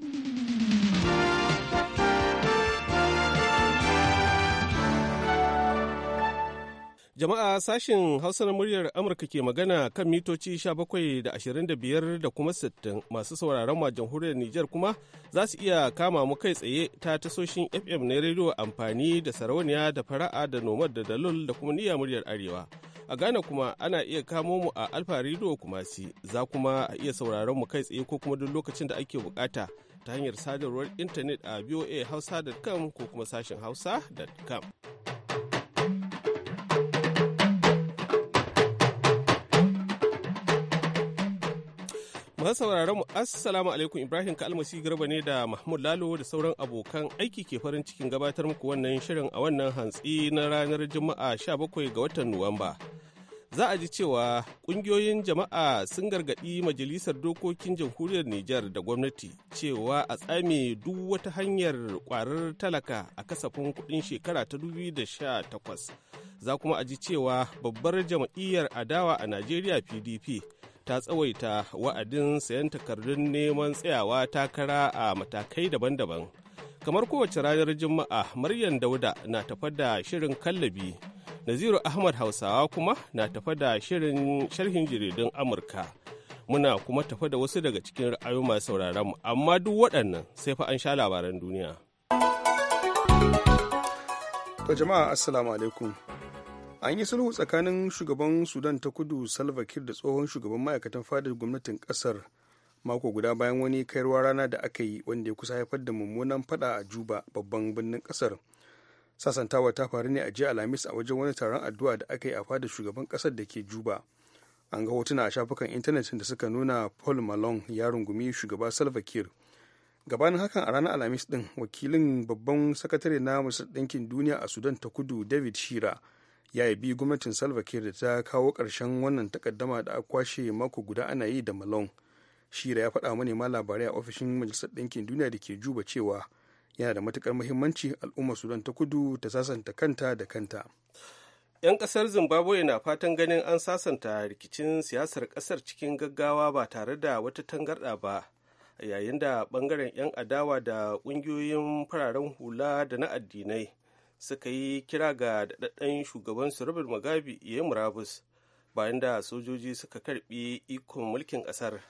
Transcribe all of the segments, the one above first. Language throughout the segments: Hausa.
Mm-hmm. Jama'a sashen Hausa muryar Amurka ke magana kan mitoci 17 da 25 da kuma 60 masu sauraron ma jamhuriyar Nijar kuma za su iya kama mu kai tsaye ta tasoshin FM na rediyo amfani da sarauniya da fara'a da nomad da dalol da kuma niyya muryar Arewa. A Ghana kuma ana iya kamo mu a Alfa Radio Kumasi za kuma a iya sauraron mu kai tsaye ko kuma duk lokacin da ake bukata ta hanyar sadarwar intanet a voahausa.com ko kuma sashen hausa.com. Masu sauraron mu Assalamu alaikum Ibrahim Kalmasi Garba ne da Mahmud Lalo da sauran abokan aiki ke farin cikin gabatar muku wannan shirin a wannan hantsi na ranar Juma'a 17 ga watan Nuwamba. Za a ji cewa kungiyoyin jama'a sun gargaɗi Majalisar Dokokin Jamhuriyar Nijar da gwamnati cewa a tsame duk wata hanyar kwarar talaka a kasafin kuɗin shekara ta 2018. Za kuma a ji cewa babbar jam'iyyar adawa a Najeriya PDP. ta tsawaita wa'adin sayan takardun neman tsayawa takara a matakai daban-daban kamar kowace ranar juma'a maryam dauda na tafa da shirin kallabi naziru ahmad hausawa kuma na tafa da shirin sharhin jaridun amurka muna kuma tafa da wasu daga cikin ra'ayoyi masu sauraron amma duk waɗannan sai fa an sha labaran duniya to jama'a assalamu alaikum an yi sulhu tsakanin shugaban sudan ta kudu salva kiir da tsohon shugaban ma'aikatan fadar gwamnatin kasar mako guda bayan wani kayarwa rana da aka yi wanda ya kusa haifar da mummunan fada a juba babban birnin kasar sasantawa ta faru ne a jiya alhamis a wajen wani taron addu'a da aka yi a fadar shugaban kasar da ke juba an ga hotuna a shafukan intanet da suka nuna paul malone ya rungumi shugaba salva kiir gabanin hakan a ranar alhamis din wakilin babban sakatare na majalisar ɗinkin duniya a sudan ta kudu david shira ya yabi gwamnatin salva kiir da ta kawo ƙarshen wannan takaddama da aka kwashe mako guda ana yi da malon shira ya faɗa mani ma labarai a ofishin majalisar ɗinkin duniya da ke juba cewa yana da matukar muhimmanci al'ummar sudan ta kudu ta sasanta kanta da kanta 'yan kasar zimbabwe na fatan ganin an sasanta rikicin siyasar kasar cikin gaggawa ba tare da wata tangarɗa ba yayin da ɓangaren 'yan adawa da ƙungiyoyin fararen hula da na addinai suka yi kira ga daɗaɗɗen shugaban su Robert Mugabe ya yi murabus bayan da sojoji suka karɓi ikon mulkin ƙasar.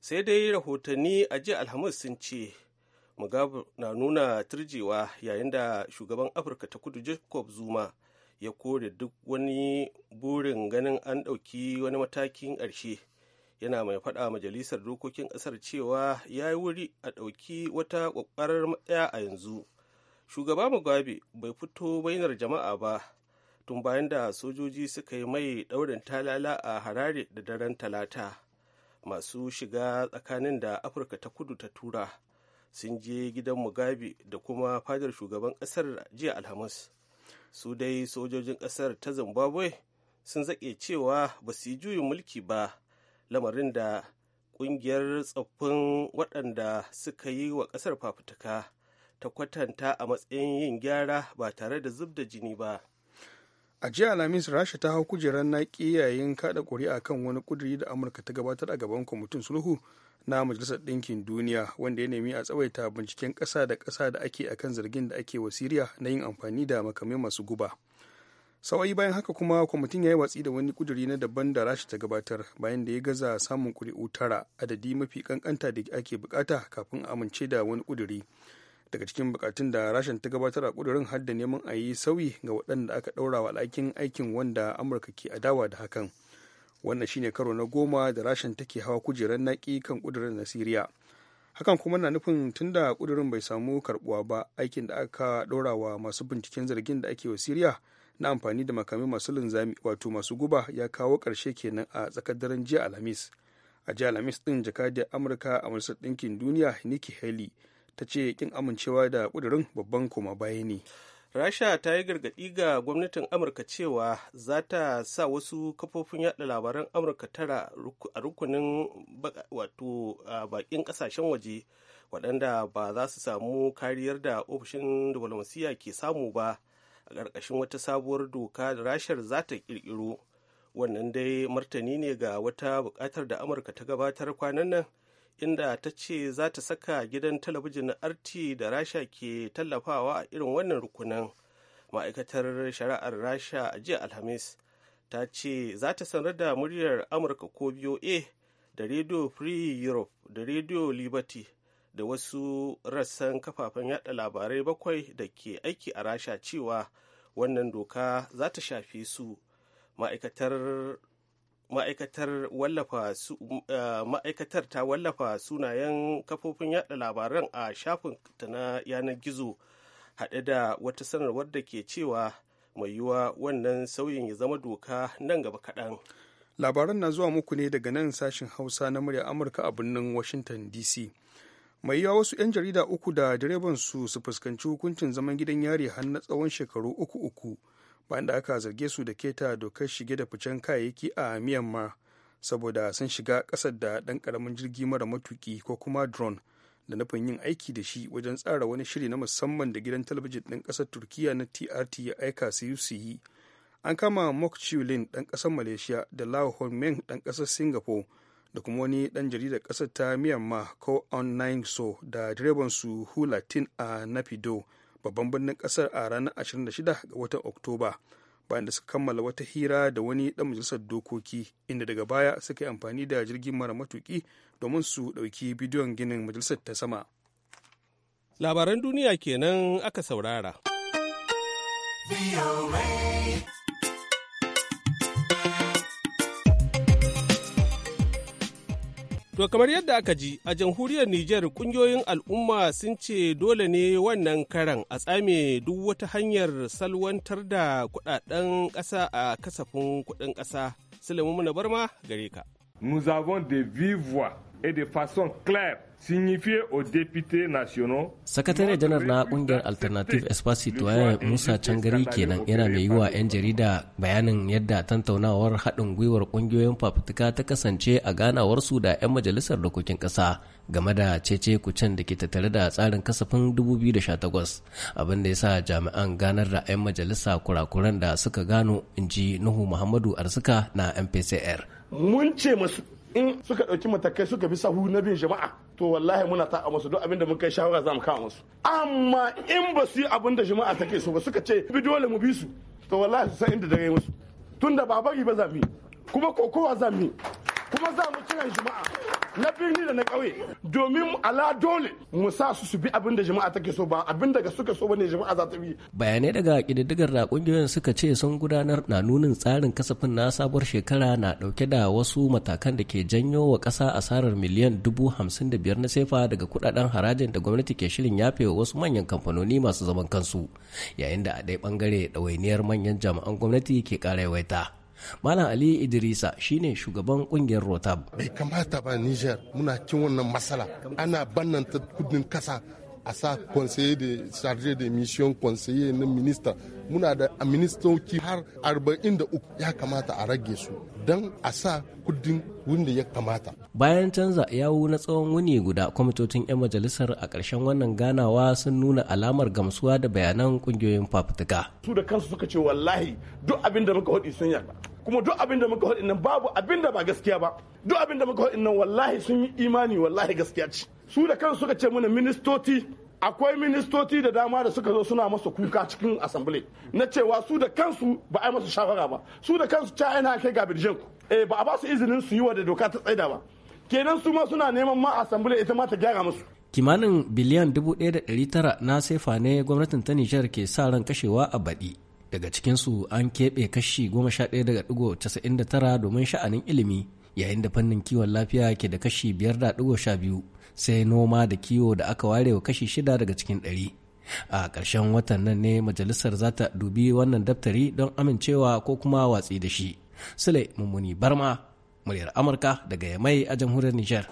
Sai dai rahotanni a jiya Alhamis sun ce Mugabe na nuna turjewa yayin da shugaban Afirka ta kudu Jacob Zuma ya kore duk wani burin ganin an ɗauki wani matakin ƙarshe. yana mai faɗa majalisar dokokin ƙasar cewa ya yi wuri a ɗauki wata ƙwaƙwarar matsaya a yanzu shugaba mugabe bai fito bainar jama'a ba tun bayan da sojoji suka yi mai daurin talala a harare da daren talata masu shiga tsakanin da afirka ta kudu ta tura sun je gidan mugabe da kuma fadar shugaban kasar jiya alhamis su dai sojojin kasar ta zimbabwe sun zaƙe cewa ba su yi juyin mulki ba lamarin da ƙungiyar tsoffin waɗanda suka yi wa ƙasar fafutuka ta kwatanta a matsayin yin gyara ba tare da zub da jini ba a jiya alhamis rasha ta hau kujerar naƙi yayin kaɗa ƙuri'a kan wani ƙuduri da amurka ta gabatar a gaban kwamitin sulhu na majalisar ɗinkin duniya wanda ya nemi a tsawaita binciken ƙasa da ƙasa da ake a kan zargin da ake wa siriya na yin amfani da makamai masu guba sawa'i bayan haka kuma kwamitin ya yi watsi da wani kuduri na daban da rasha ta gabatar bayan da ya gaza samun kuri'u tara adadi mafi kankanta da ake bukata kafin a amince da wani kuduri daga cikin bukatun da rashin ta gabatar a kudurin hadda neman a yi sauyi ga waɗanda aka ɗaura wa alakin aikin wanda amurka ke adawa da hakan wannan shine karo na goma da rashin take hawa kujerar naki kan kudurin na siriya hakan kuma na nufin tunda kudurin bai samu karbuwa ba aikin da aka ɗora wa masu binciken zargin da ake wa siriya na amfani da makamai masu linzami wato masu guba ya kawo ƙarshe kenan a tsakar daren jiya alhamis a jiya alhamis din jakadiyar amurka a majalisar ɗinkin duniya nikki haley ta ce kin amincewa da kudurin babban koma baya ne rasha ta yi gargaɗi ga gwamnatin amurka cewa za ta sa wasu kafofin yaɗa labaran amurka tara a rukunin wato bakin ƙasashen waje waɗanda ba za su samu kariyar da ofishin diplomasiyya ke samu ba a ƙarƙashin wata sabuwar doka da rashar za ta ƙirƙiro wannan dai martani ne ga wata buƙatar da amurka ta gabatar kwanan nan inda ta ce za ta saka gidan talabijin na RT da Rasha ke tallafawa a irin wannan rukunin, Ma'aikatar shari'ar Rasha a jiya Alhamis ta ce za ta sanar da muryar Amurka ko BOA da Radio Free Europe da Radio Liberty da wasu rassan kafafen yada labarai bakwai da ke aiki a Rasha cewa wannan doka za ta shafe su. Ma'aikatar Eh, ma'aikatar ta wallafa sunayen kafofin yada labaran a shafin ta na yanar gizo haɗe da wata sanarwar da ke cewa mai yiwuwa wannan sauyin ya zama doka nan gaba kaɗan labaran na zuwa muku ne daga nan sashen hausa na murya amurka a birnin washington dc mai yiwuwa wasu 'yan jarida uku da direban su su fuskanci hukuncin zaman gidan yari har na tsawon shekaru uku uku bayan da aka zarge su da keta dokar shige da ficen kayayyaki a myanmar saboda sun shiga ƙasar da ɗan karamin jirgi mara matuki ko kuma drone da nufin yin aiki da shi wajen tsara wani shiri na musamman da gidan talabijin ɗin ƙasar turkiya na trt ya aika su yi an kama mok chiulin ɗan ƙasar malaysia da lao hon ɗan ƙasar singapore da kuma wani ɗan jaridar ƙasar ta myanmar ko online so da direban su hulatin a nafido babban birnin kasar a ranar 26 ga watan oktoba bayan da suka kammala wata hira da wani dan majalisar dokoki inda daga baya suka yi amfani da jirgin mara matuki domin su ɗauki bidiyon ginin majalisar ta sama labaran duniya kenan aka saurara To kamar yadda aka ji a jamhuriyar Nijar kungiyoyin al'umma sun ce dole ne wannan karan a tsame duk wata hanyar salwantar da kudaden ƙasa a kasafin kudin ƙasa. Sulemu Muna Barma gare ka. Nous avons des vives et de façon claire signifier aux Sakatare janar na kungiyar Alternative Espace Citoyen Musa Cangari kenan yana mai yi wa 'yan jarida bayanin yadda tantaunawar haɗin gwiwar kungiyoyin fafutuka ta kasance a ganawarsu da 'yan majalisar dokokin kasa game da cece kucen da ke tattare da tsarin kasafin 2018 abin da ya sa jami'an ganar da 'yan majalisa kurakuran da suka gano inji Nuhu Muhammadu arsuka na MPCR. Mun ce masu in suka ɗauki matakai suka bi sahu na bin jama'a to wallahi muna ta a musu duk abin da mun kai shawara za mu kawo musu amma in ba su yi abin da jama'a take so ba suka ce bi dole mu bi su to wallahi su san inda dare musu tunda ba bari ba za mu kuma kokowa za mu kuma za mu kiran jama'a na birni da na ƙauye domin ala dole mu sa su su bi abin da jama'a take so ba abin da suka so bane jama'a za ta bi bayanai daga kididdigar da kungiyoyin suka ce sun gudanar na nunin tsarin kasafin na sabuwar shekara na dauke da wasu matakan da ke janyo wa kasa asarar miliyan dubu hamsin da biyar na sefa daga kudaden harajin da gwamnati ke shirin yafe wa wasu manyan kamfanoni masu zaman kansu yayin da a ɗaya bangare ɗawainiyar manyan jami'an gwamnati ke ƙara yawaita Malam Ali Idrisa shine shugaban kungiyar Rotab. Bai kamata ba Niger muna cin wannan matsala. Ana bannan ta kudin kasa a sa conseil de chargé de mission conseiller na minista muna da ministoci har 43 ya kamata a rage su don a sa kudin wanda ya kamata. Bayan canza yawo na tsawon wuni guda kwamitocin 'yan majalisar a ƙarshen wannan ganawa sun nuna alamar gamsuwa da bayanan ƙungiyoyin fafutuka. Su da kansu suka ce wallahi duk abin da muka hudu sun yarda. kuma duk abin da muka faɗin nan babu abin da ba gaskiya ba duk abin da muka faɗin nan wallahi sun yi imani wallahi gaskiya ce su da kansu suka ce mana ministoci akwai ministoci da dama da suka zo suna masa kuka cikin asambile na cewa su da kansu ba a yi masa shawara ba su da kansu ca yana kai ga birjin eh ba a ba su izinin su yi wa da doka ta tsaida ba kenan su ma suna neman ma asambile ita ma ta gyara musu kimanin biliyan 1,900 na sefa ne gwamnatin ta nijar ke sa ran kashewa a baɗi daga cikinsu an keɓe kashi 11.99 domin sha'anin ilimi yayin da fannin kiwon lafiya ke da kashi 5.12 sai noma da kiwo da aka ware wa kashi shida daga cikin ɗari a ƙarshen watan nan ne majalisar za ta dubi wannan daftari don amincewa ko kuma watsi da shi sule mummuni barma muryar amurka daga yamai a jamhuriyar nijar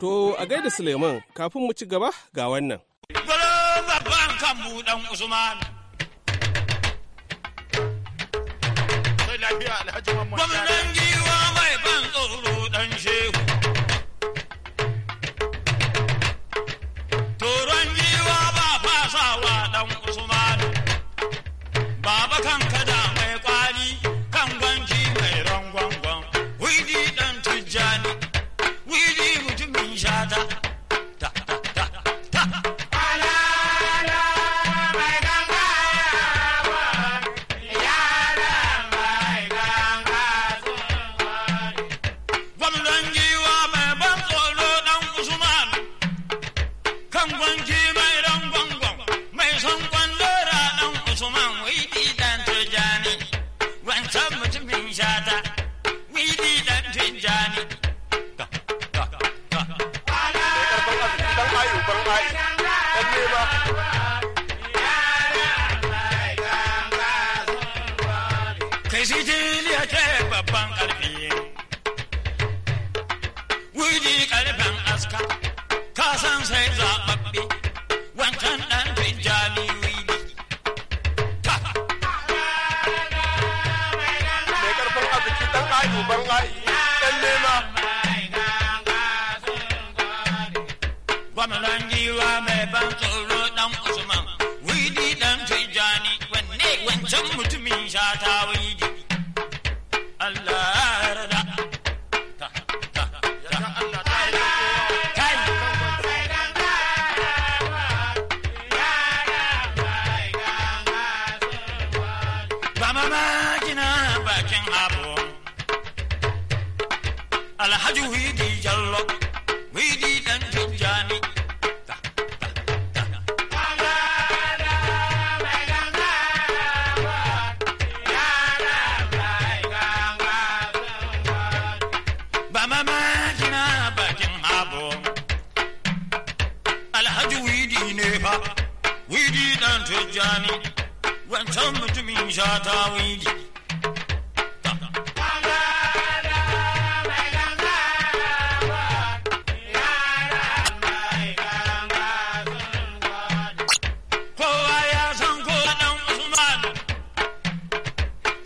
To a gaida Suleiman kafin mu ci gaba ga wannan. Gwalo babban kanmu dan Usman. Sai lafiya Alhaji Mamman.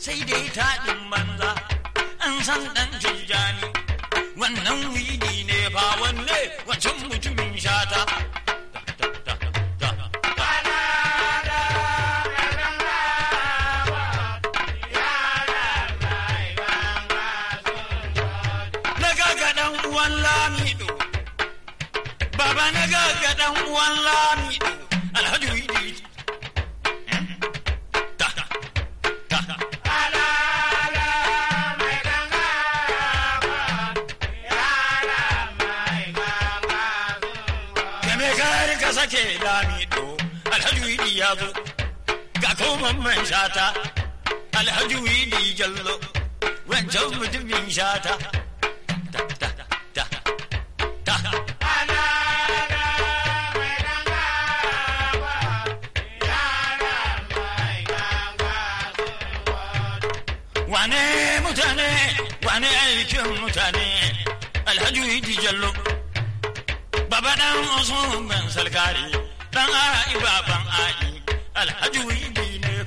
sai dai taɗin banza an san ɗan tijjani wannan widi ne fa wanne wancan mutumin shata Baba na gaga ɗan uwan lami mamman shata alhaji wili jallo wancan mutumin shata wane mutane wane aikin mutane alhaji wili jallo baba dan usman ban salkari dan a'i baban a'i alhaji wili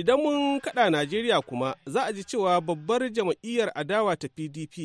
Idan mun kaɗa Najeriya kuma za a ji cewa babbar jam'iyyar adawa ta PDP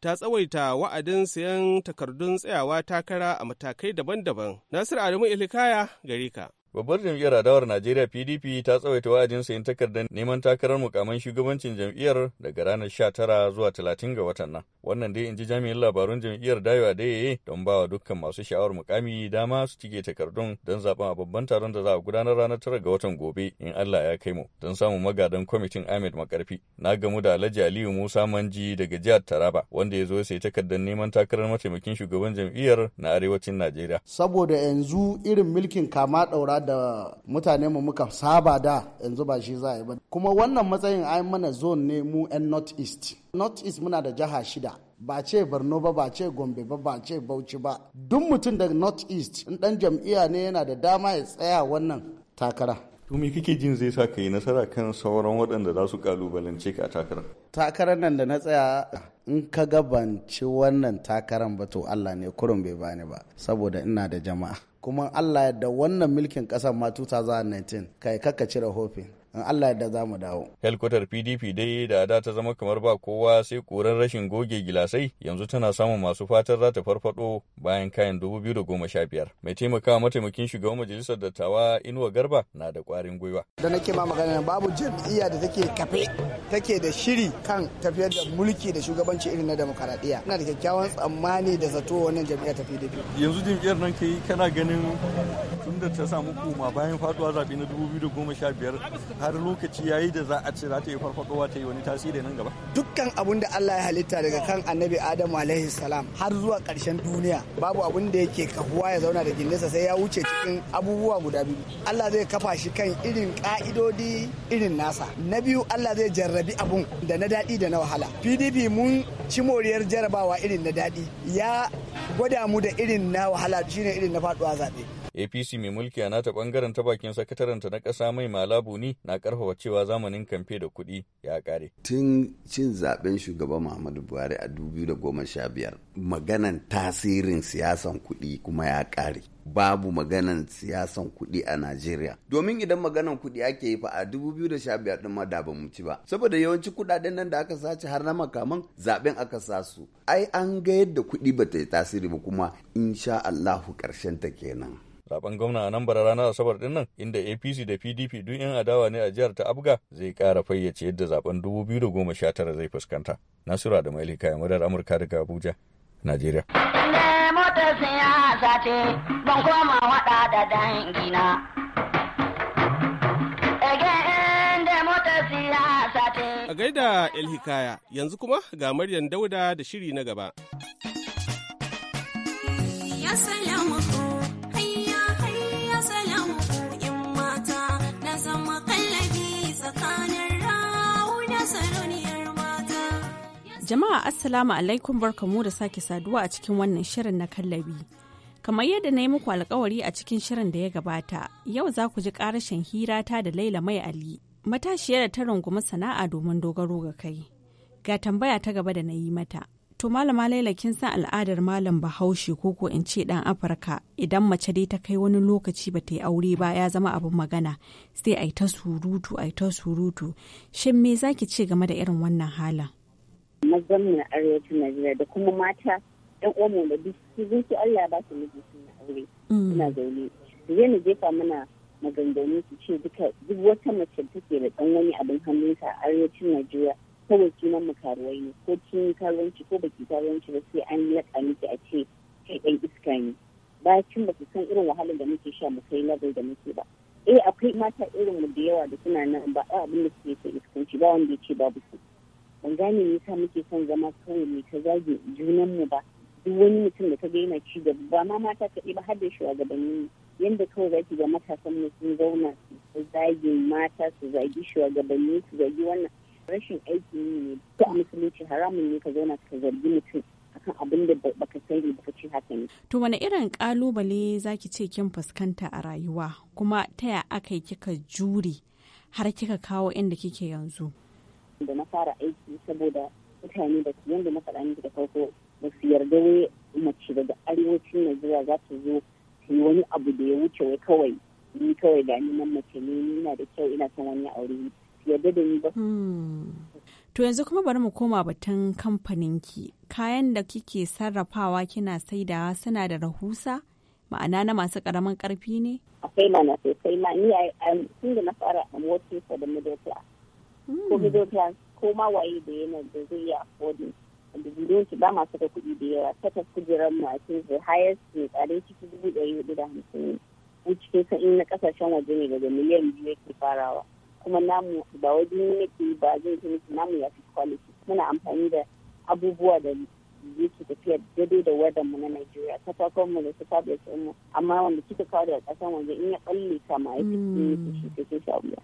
ta tsawaita wa'adin sayan takardun tsayawa takara a matakai daban-daban. Nasiru Adamu Ilikaya gare ka. Babbar jam'iyyar adawar Najeriya PDP ta tsawaita wa'adin yin takardar neman takarar mukaman shugabancin jam'iyyar daga ranar sha tara zuwa talatin ga watan nan. Wannan dai in ji jami'in labarun jam'iyyar Dayo Adeyeye don bawa dukkan masu sha'awar mukami dama su cike takardun don zaben a babban taron da za a gudanar ranar tara ga watan gobe in Allah ya kai mu don samun magadan kwamitin Ahmed Makarfi. Na gamu da Alhaji Aliyu Musa Manji daga jihar Taraba wanda ya zo ya sai takardar neman takarar mataimakin shugaban jam'iyyar na arewacin Najeriya. Saboda yanzu irin mulkin kama daura da mutane mu muka saba da yanzu ba shi za a yi ba kuma wannan matsayin ai mana zone ne mu 'yan north east north east muna da jiha shida ba ce borno ba ba ce gombe ba ba ce bauchi ba duk mutum daga north east in dan jam'iyya ne yana da dama ya tsaya wannan takara To me kake jin zai sa ka yi nasara kan sauran waɗanda za su kalubalance ka a takarar? Takarar nan da na tsaya in ka gabanci wannan takarar ba to Allah ne kurum bai bani ba saboda ina da jama'a. Kuma Allah yadda wannan milkin ƙasar ma 2019 kai kaka cire hofin in Allah yadda za mu dawo. Helkwatar PDP dai da da ta zama kamar ba kowa sai koran rashin goge gilasai yanzu tana samun masu fatar za ta farfado bayan kayan biyar Mai taimakawa mataimakin shugaban majalisar dattawa Inuwa Garba na da kwarin gwiwa. Da nake ma magana babu jam'iyya da take kafe take da shiri kan tafiyar da mulki da shugabanci irin na demokaradiyya. Ina da kyakkyawan tsammani da zato wannan jam'iyya ta PDP. Yanzu jam'iyyar nan yi kana ganin tunda ta samu koma bayan faduwa zaɓe na biyar. har lokaci yayi da za a ce za ta yi farfadowa ta yi wani tasiri nan gaba dukkan abun da Allah ya halitta daga kan annabi adamu alaihi salam har zuwa karshen duniya babu abun da yake kahuwa ya zauna da gindinsa sai ya wuce cikin abubuwa guda biyu Allah zai kafa shi kan irin ka'idodi irin nasa na biyu Allah zai jarrabi abun da na daɗi da na wahala PDP mun ci moriyar jarabawa irin na daɗi ya gwada mu da irin na wahala shine irin na faɗuwa zaɓe apc mai mulki a nata bangaren ta bakin ta na kasa mai malabu ni na karfafa cewa zamanin kamfe da kuɗi ya ƙare tun cin zaben shugaban muhammadu buhari a 2015 maganan tasirin siyasan kuɗi kuma ya kare babu maganan siyasan kuɗi a Najeriya. Domin idan maganan kuɗi ake yi fa a 2015 ɗin ma da ba ci ba. Saboda yawanci kuɗaɗen nan da aka sace har na makaman zaɓen aka sa su. Ai an ga yadda kuɗi ba ta yi tasiri ba kuma insha Allahu karshen ta kenan. zaben gwamna a nan bara ranar asabar din nan inda apc da pdp duk yan adawa ne a jihar ta abga zai kara fayyace yadda zaben 2019 zai fuskanta nasura da maili kayan madar amurka daga abuja najeriya ban koma A gaida El Hikaya, yanzu kuma ga Maryam Dauda da shiri na gaba. Ya salamu Jama'a Assalamu alaikum barkamu da sake saduwa a cikin wannan shirin na kallabi. Kamar yadda na yi muku alkawari a cikin shirin da ya gabata, yau za ku ji ƙarashin ta da Laila Mai Ali, matashiyar da ta rungumi sana'a domin dogaro ga kai. Ga tambaya ta gaba da na yi mata. To malama Laila kin san al'adar malam Bahaushe ko ko in ce dan Afirka idan mace dai ta kai wani lokaci ba ta yi aure ba ya zama abin magana sai ai ta surutu ai ta surutu. Shin me zaki ce game da irin wannan halin? mazan na arewacin Najeriya da kuma mata ɗan uwanmu da duk sun su Allah ba su miji suna aure mm. suna zaune su zai na jefa mana maganganu su ce duka duk wata mace take da ɗan wani abin hannun a arewacin Najeriya kawai sunan mu karuwai ne ko kin karuwanci ko baki karuwanci ba sai an laƙa miki a ce kai ɗan iska ne bakin ba su san irin wahalar da muke sha mu kai level da muke ba eh akwai mata irin mu da yawa da suna nan ba abin da suke so iskanci ba wanda ya ce babu su ban gane me yasa muke son zama kawai mai ta zage junan mu ba duk wani mutum da ka ga yana ci gaba ba ma mata kaɗai ba har da shugabanni yanda kawai zaki ga matasan mu sun zauna su zage mata su zagi shugabanni su zagi wannan rashin aiki ne a musulunci haramun ne ka zauna ka zargi mutum akan abin da baka sani baka ce haka ne. To wani irin kalubale zaki ce kin fuskanta a rayuwa kuma ta ya aka yi kika jure har kika kawo inda kike yanzu? da na fara aiki saboda mutane da yanda na faɗa da farko ba su yarda wai mace daga arewacin najeriya za ta zo ta yi wani abu da ya wuce wai kawai ni kawai ga ni nan mace ne ni na da kyau ina son wani aure yarda da ni ba hmm. To yanzu kuma bari mu koma batun kamfanin ki Kayan da kike sarrafawa kina saidawa suna da rahusa? Ma'ana na masu karamin karfi ne? Akwai mana sosai ma ni a tun da na fara a working for the middle class. ko middle class ko ma waye da yana da zai iya affording the biliyon to ba masu da kuɗi da yawa takas kujerar masu the highest ne tsare ciki dubu ɗaya hudu da hamsin ko cikin sa'in na ƙasashen waje ne daga miliyan biyu yake farawa kuma namu ba wajen yake ba zai fi namu ya fi quality muna amfani da abubuwa da yake tafiya daidai da wadan mu na Najeriya katakon mu da su fabric mu amma wanda kika kawo daga kasan waje in ya kalle ma ya fi hmm. shi sai shi abuya.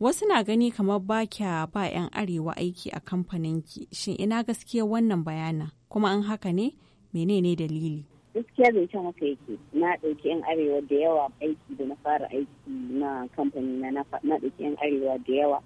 Wasu na gani kamar ba kya ba 'yan arewa aiki a kamfaninki, shin ina gaskiya wannan bayana kuma an haka ne menene dalili? Gaskiya zancen haka yake, na ɗauki 'yan arewa da yawa aiki da na fara aiki na kamfani na na ɗauki 'yan arewa da yawa,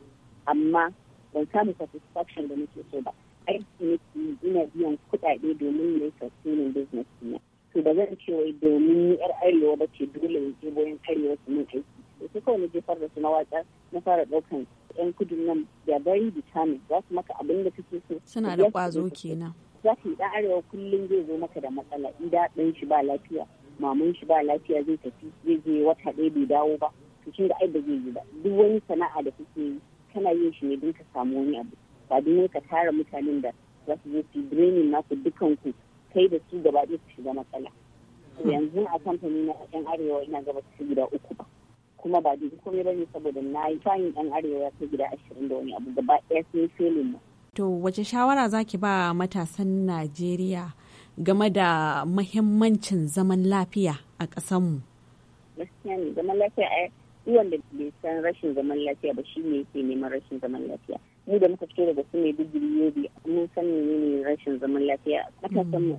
amma ban samu satisfaction da nake so ba. Aiki nake ina biyan kuɗaɗe domin ne yi sustaining business na. To ba zan ce wai domin 'yar arewa ba ce dole in ɗebo boyan arewa su min aiki. sai kawai na jefar da su na waƙa na fara ɗaukan yan kudin nan da very za su maka abin da kake so suna da ƙwazo kenan za su yi ɗan arewa kullum zai zo maka da matsala ida ɗan shi ba lafiya maman shi ba lafiya zai tafi zai je wata ɗaya bai dawo ba to kin ga ai ba zai yi ba duk wani sana'a da kake yi kana yin shi ne don ka samu wani abu ba don ka tara mutanen da za su zo su draining naku dukanku kai da su gaba ɗaya su shiga matsala yanzu a kamfani na yan arewa ina gaba su guda uku ba kuma ba dubi ba bane saboda na yi fahim yan arewa ya kai gida ashirin da wani abu gaba ɗaya sun filin mu. To wace shawara zaki ba matasan Najeriya game da mahimmancin zaman lafiya a mu Gaskiya ne zaman lafiya a yi wanda bai san rashin zaman lafiya ba ne yake neman rashin zaman lafiya mu da muka fito daga su ne digiri yobi mun san menene rashin zaman lafiya matasan mu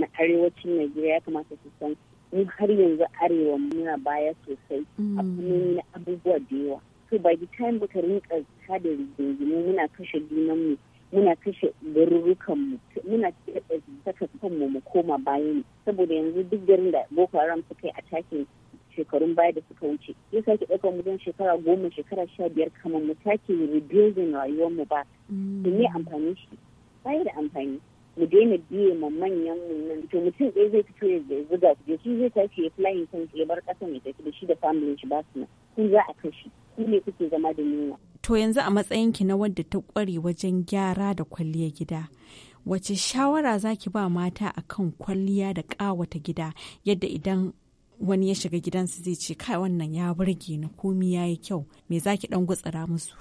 na arewacin Najeriya ya kamata su san mu har yanzu arewa muna baya sosai mm. a na abubuwa da yawa so by the time muka rinka tada rigingimu muna kashe junanmu muna kashe garurukanmu muna saka kanmu mu koma bayan saboda yanzu duk garin da boko haram suka yi a takin shekarun baya da suka wuce ya sake ɗaukar mu zan shekara goma shekara sha biyar kamar mu sake rebuilding rayuwarmu ba mm. da amfani shi baya da amfani mu daina biye ma manyan mu to mutum ɗaya zai fito ya su je shi zai tashi ya flying kan ya bar ƙasa mai tafi da shi da family shi ba su nan ku za a kashi ku ne kuke zama da nuna. to yanzu a matsayin ki na wadda ta ƙware wajen gyara da kwalliya gida wace shawara za ki ba mata akan kwalliya da ƙawata gida yadda idan wani ya shiga gidansu zai ce kai wannan ya burge ni komi ya yi kyau me zaki ki ɗan gutsara musu.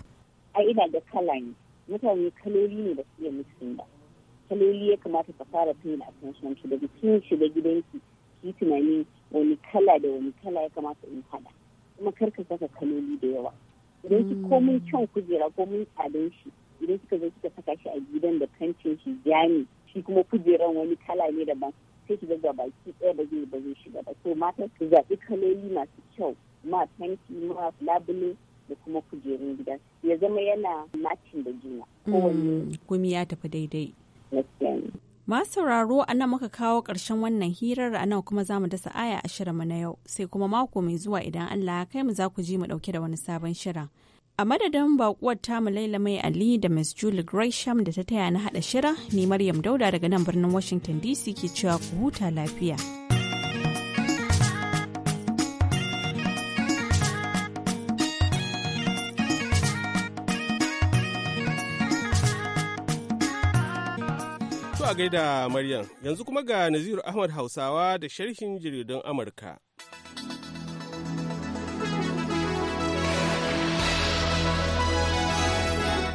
ai ina da kala ne mutane kaloli ne da su iya mutu ba matsaloli ya kamata ka fara paying attention to daga kin shiga gidanki ki tunani wani kala da wani kala ya kamata in hada kuma kar saka kaloli da yawa idan ki mm. komin kyan kujera komin tsadon shi idan kika zo kika saka shi a gidan da kancin shi jami shi kuma kujeran wani kala ne daban sai ki ga baki ɗaya ba zai ba zai shiga ba to mata su zaɓi kaloli masu kyau ma tanki ma labule da kuma kujerun gida ya zama yana macin da juna. Mm, Kowanne. Gumi ya tafi daidai. Ma sauraro a nan muka kawo ƙarshen wannan hirar a nan kuma za mu dasa aya a shirinmu na yau sai kuma mako mai zuwa idan Allah ya kai mu za ku ji mu ɗauke da wani sabon shirin. A madadin baƙuwar tamu Laila Mai Ali da Miss Julie Gresham da ta taya na haɗa shirin, ni Maryam Dauda daga nan birnin Washington DC ke cewa ku huta lafiya. a da Maryam, yanzu kuma ga Naziru Ahmad Hausawa da sharhin jaridun Amurka.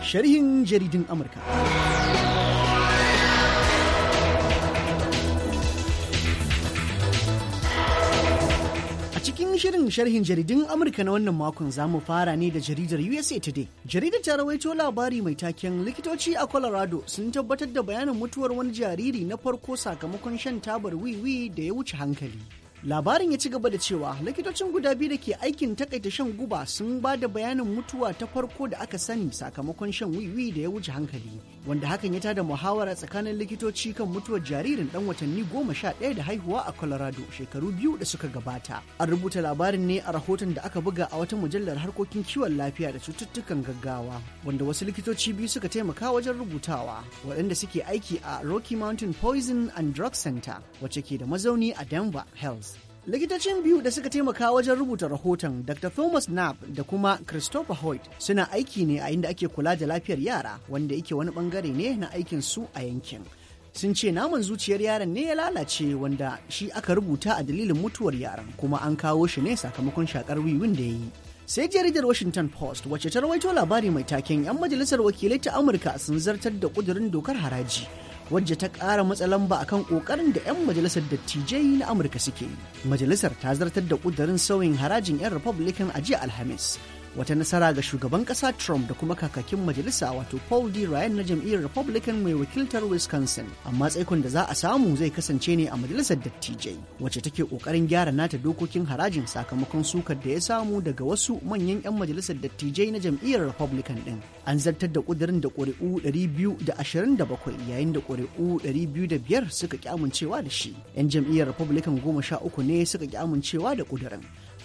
Sharhin jaridun Amurka. A cikin shirin sharhin jaridun Amurka na wannan makon za mu fara ne da jaridar USA Today. Jaridar ta rawaito labari mai taken likitoci a Colorado sun tabbatar da bayanin mutuwar wani jariri na farko sakamakon shan tabar wiwi da ya wuce hankali. labarin ya ci gaba da cewa likitocin guda biyu da ke aikin takaita shan guba sun ba da bayanin mutuwa ta farko da aka sani sakamakon shan wiwi da ya wuce hankali wanda hakan ya tada muhawara tsakanin likitoci kan mutuwar jaririn dan watanni goma sha ɗaya da haihuwa a colorado shekaru biyu da suka gabata an rubuta labarin ne a rahoton da aka buga a wata mujallar harkokin kiwon lafiya da cututtukan gaggawa wanda wasu likitoci biyu suka taimaka wajen rubutawa waɗanda suke aiki a rocky mountain poison and drug center wacce ke da mazauni a denver health likitocin biyu da suka taimaka wajen rubuta rahoton dr thomas knapp da kuma christopher hoyt suna aiki ne a inda ake kula da lafiyar yara wanda yake wani bangare ne na aikin su a yankin sun ce naman zuciyar yaran ne ya lalace wanda shi aka rubuta a dalilin mutuwar yaran, kuma an kawo shi ne sakamakon shakar wiwin da ya yi sai jaridar washington post wacce ta rawaito labari mai taken 'yan majalisar wakilai ta amurka sun zartar da kudurin dokar haraji wadda ta ƙara matsa lamba akan ƙoƙarin da 'yan majalisar dattijai na Amurka suke yi. Majalisar ta zartar da ƙudurin sauyin harajin 'yan Republican a jiya Alhamis wata nasara ga shugaban kasa trump da kuma kakakin majalisa wato paul d ryan na jam'iyyar republican mai wakiltar wisconsin amma tsaikon da za a samu zai kasance ne a majalisar dattijai wacce take kokarin gyara nata dokokin harajin sakamakon sukar da ya samu daga wasu manyan 'yan majalisar dattijai na jam'iyyar republican din an zartar da kudirin da ƙuri'u bakwai yayin da ƙuri'u biyar suka ki amincewa da shi 'yan jam'iyyar republican goma sha uku ne suka ki amincewa da kudirin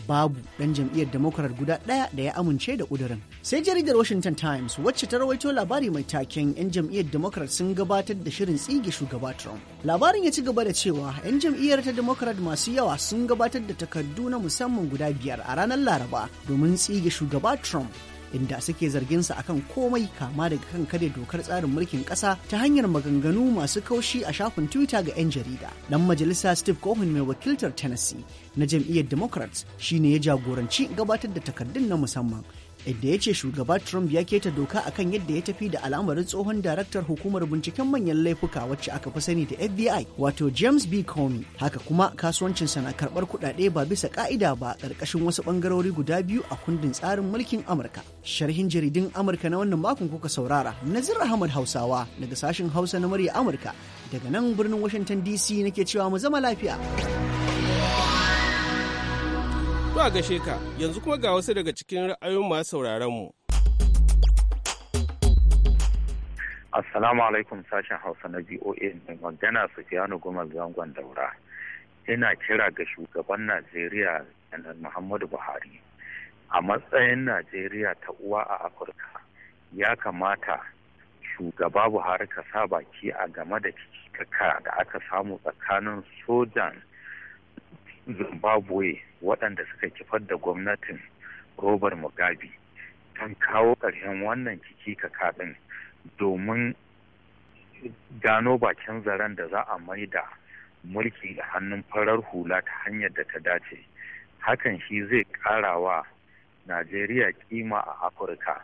babu ɗan jam'iyyar democrat guda ɗaya da ya amince da ƙudurin sai jaridar washington times wacce ta rawaito labari mai taken 'yan jam'iyyar democrat sun gabatar da shirin tsige shugaba trump labarin ya ci gaba da cewa 'yan jam'iyyar ta democrat masu yawa sun gabatar da takardu na musamman guda biyar a ranar laraba domin tsige shugaba trump inda suke zarginsa akan komai kama daga kan kare dokar tsarin mulkin kasa, ta hanyar maganganu masu kaushi a shafin Twitter ga 'yan jarida. Dan majalisa Steve Cohen mai wakiltar Tennessee na jam'iyyar Democrats shine ya jagoranci gabatar da takardun na musamman. inda ya ce shugaba Trump ya keta doka akan yadda ya tafi da al'amarin tsohon daraktar hukumar binciken manyan laifuka wacce aka fi sani da FBI wato James B. Comey haka kuma kasuwancinsa na karbar kudade ba bisa ka'ida ba karkashin wasu bangarori guda biyu a kundin tsarin mulkin Amurka. Sharhin jaridun Amurka na wannan makon kuka saurara Nazir Ahmad Hausawa daga sashen Hausa na murya Amurka daga nan birnin Washington DC nake cewa mu zama lafiya. zuwa a gashe yanzu kuma ga wasu daga cikin ra'ayoyin masu sauraron mu. Assalamu alaikum sashen Hausa na BOA mai magana Sufiyanu Gumal Zangon Daura. Ina kira ga shugaban Najeriya Janar Muhammadu Buhari. A matsayin Najeriya ta uwa a Afirka ya kamata shugaba Buhari ka sa baki a game da cikaka da aka samu tsakanin sojan zimbabwe waɗanda suka kifar da gwamnatin robert mugabe kan kawo ƙarshen wannan ciki kakaɗin domin gano bakin zaren da za a mai da mulki da hannun farar hula ta hanyar da ta dace hakan shi zai karawa najeriya kima a afirka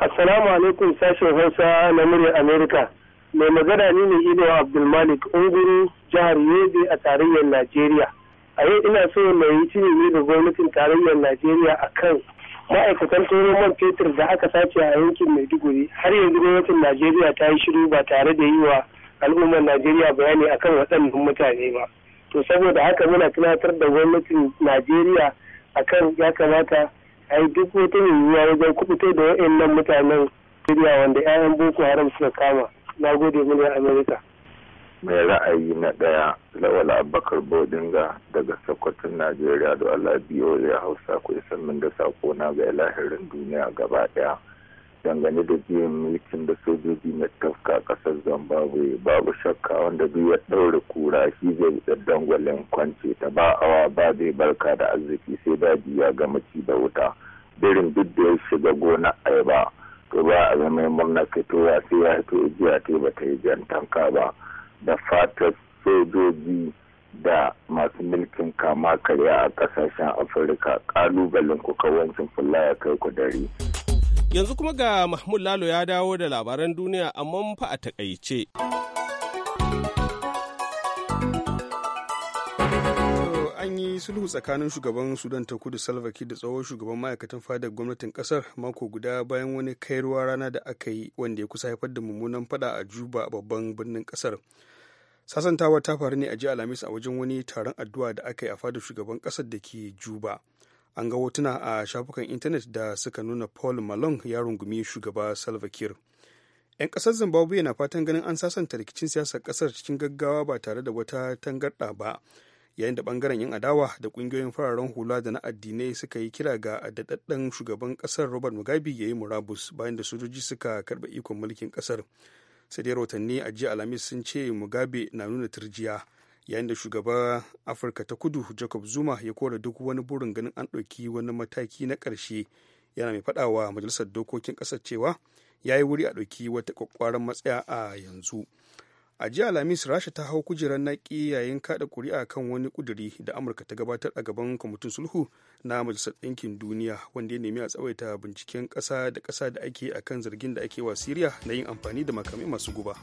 assalamu alaikum sashen hausa na murya amerika mai magana ni ne ido abdulmalik unguru jihar yobe a tarayyar najeriya a yau ina so na yi cinye da gwamnatin tarayyar najeriya a kan ma'aikatan tsoron man fetur da aka sace a yankin maiduguri har yanzu gwamnatin najeriya ta yi shiru ba tare da yi wa al'ummar najeriya bayani akan waɗannan mutane ba to saboda haka muna tunatar da gwamnatin najeriya akan ya kamata a yi duk wata yiwuwa wajen kubuta da waɗannan mutanen Najeriya wanda 'ya'yan Boko Haram suka kama. Na gode mu ne Amerika. mai ra'ayi na ɗaya lawal abubakar bodinga daga sokoton najeriya da allah biyo ya hausa ku isan min da sako na ga lahirin duniya gaba ɗaya dangane da biyan mulkin da sojoji na tafka ƙasar zimbabwe babu shakka wanda biyu ya ɗaure kura shi zai da dangwalin kwance ta Ba'awa ba zai barka da arziki sai daji ya gama ci da wuta birin duk da ya shiga gona ayaba to ba a zama gwamnati fitowa sai ya fito jiya ta ba ta yi jan tanka ba da fatar sojoji da masu mulkin kama karya a kasashen afirka kalubalen ku kawancin fulla ya kai ku dare yanzu kuma ga mahmud lalo ya dawo da labaran duniya amma fa a takaice an yi sulhu tsakanin shugaban sudan ta kudu salva da tsohon shugaban ma'aikatan fadar gwamnatin kasar mako guda bayan wani kairuwa rana da aka yi wanda ya kusa haifar da mummunan fada a juba babban birnin kasar sasantawa ta faru ne a jiya alhamis a wajen wani taron addu'a da aka yi a fadar shugaban kasar da ke juba an ga hotuna a shafukan intanet da suka nuna paul malong ya rungumi shugaba salva kiir 'yan kasar zimbabwe na fatan ganin an sasanta rikicin siyasar kasar cikin gaggawa ba tare da wata tangarɗa ba yayin da bangaren yan adawa da kungiyoyin fararen hula da na addinai suka yi kira ga daɗaɗɗen shugaban kasar robert mugabe ya yi murabus bayan da sojoji suka karɓa ikon mulkin kasar sai dai rahotanni a jiya alhamis sun ce mugabe na nuna turjiya yayin da shugaban afirka ta kudu jacob zuma ya kora duk wani burin ganin an ɗauki wani mataki na ƙarshe yana mai faɗawa majalisar dokokin ƙasar cewa ya yi wuri a ɗauki wata ƙwaƙƙwaran matsaya a yanzu a jiya alhamis rasha ta hau kujerar naki yayin kada kuri'a kan wani kuduri da amurka ta gabatar a gaban kwamitin sulhu na majalisar ɗinkin duniya wanda ya nemi a tsawaita binciken ƙasa da ƙasa da ake a kan zargin da ake wa siriya na yin amfani da makamai masu guba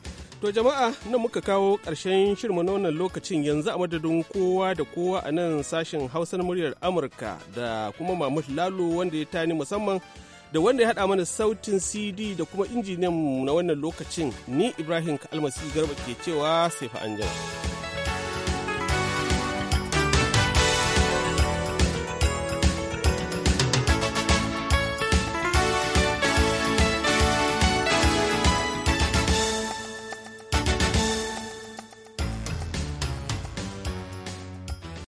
to jama'a nan muka kawo ƙarshen shirma na wannan lokacin yanzu a madadin kowa da kowa a nan sashen hausar muryar amurka da kuma mahmud lalo wanda ya tani musamman da wanda ya haɗa mana sautin CD da kuma injiniyan mu na wannan lokacin ni Ibrahim Kalmasi Garba ke cewa sai fa